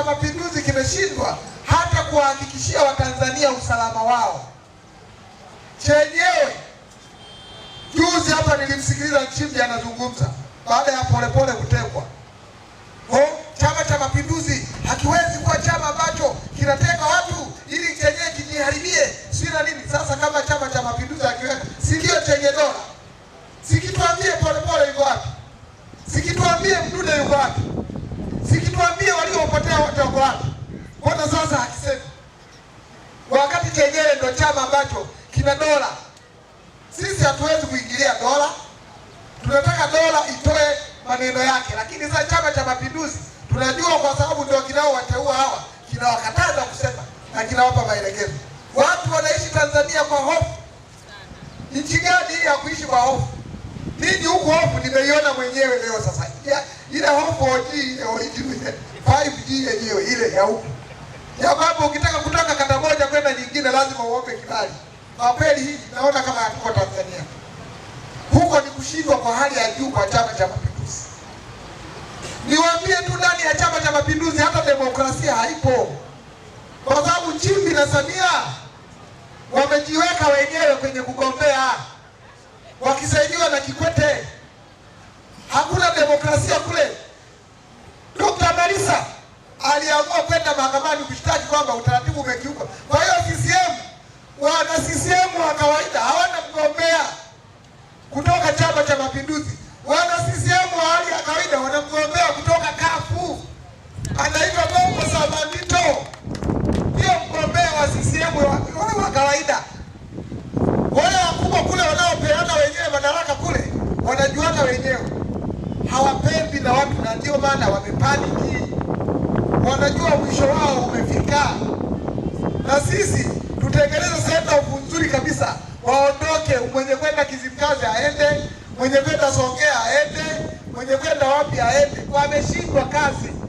cha Mapinduzi kimeshindwa hata kuwahakikishia Watanzania usalama wao chenyewe. Juzi hapa nilimsikiliza Nchimbi anazungumza baada ya Polepole kutekwa. Chama cha Mapinduzi hakiwezi kuwa chama ambacho kinateka watu ili chenyewe kijiharibie, si na nini? Sasa kama chama cha Mapinduzi akiweka sikio chenye dola? Sikituambie Polepole yuko wapi? Sikituambie Mdude yuko wapi? wamepotea wote, wako wapi? Mbona sasa akisema Wakati chenyewe ndo chama ambacho kina dola. Sisi hatuwezi kuingilia dola, tunataka dola itoe maneno yake, lakini sasa Chama cha Mapinduzi tunajua kwa sababu ndio kinaowateua hawa, kinawakataza kusema na kinawapa maelekezo. Watu wanaishi Tanzania kwa hofu. Nchi gani hii ya kuishi kwa hofu? Mimi huku hofu nimeiona mwenyewe leo sasa, ile hofu hoji 5G yenyewe ile haupo. Ya mambo ukitaka kutoka kata moja kwenda nyingine lazima uombe kibali. mapeli hii naona kama hatuko Tanzania. Huko ni kushindwa kwa hali ya juu kwa Chama cha Mapinduzi. Niwaambie tu ndani ya Chama cha Mapinduzi hata demokrasia haipo. Kwa sababu Chimbi na Samia wamejiweka wenyewe kwenye kugombea wakisaidiwa na Kikwete. Hakuna demokrasia kule aliamua kwenda mahakamani kushtaki kwamba utaratibu umekiuka. Kwa hiyo CCM, wana CCM wa kawaida hawana mgombea kutoka Chama cha Mapinduzi. Wana CCM wa hali ya kawaida wana mgombea kutoka kafu anaitwa Bongo Samanito, ndio mgombea wa CCM wale wa kawaida. Wale wakubwa kule wanaopeana wenyewe madaraka kule wanajuana wenyewe, hawapendi na watu, na ndio maana wamepaniki wanajua mwisho wao umefika, na sisi tutengeneze senta nzuri kabisa, waondoke. Mwenye kwenda Kizimkazi aende, mwenye kwenda Songea aende, mwenye kwenda wapi aende, wameshindwa kazi.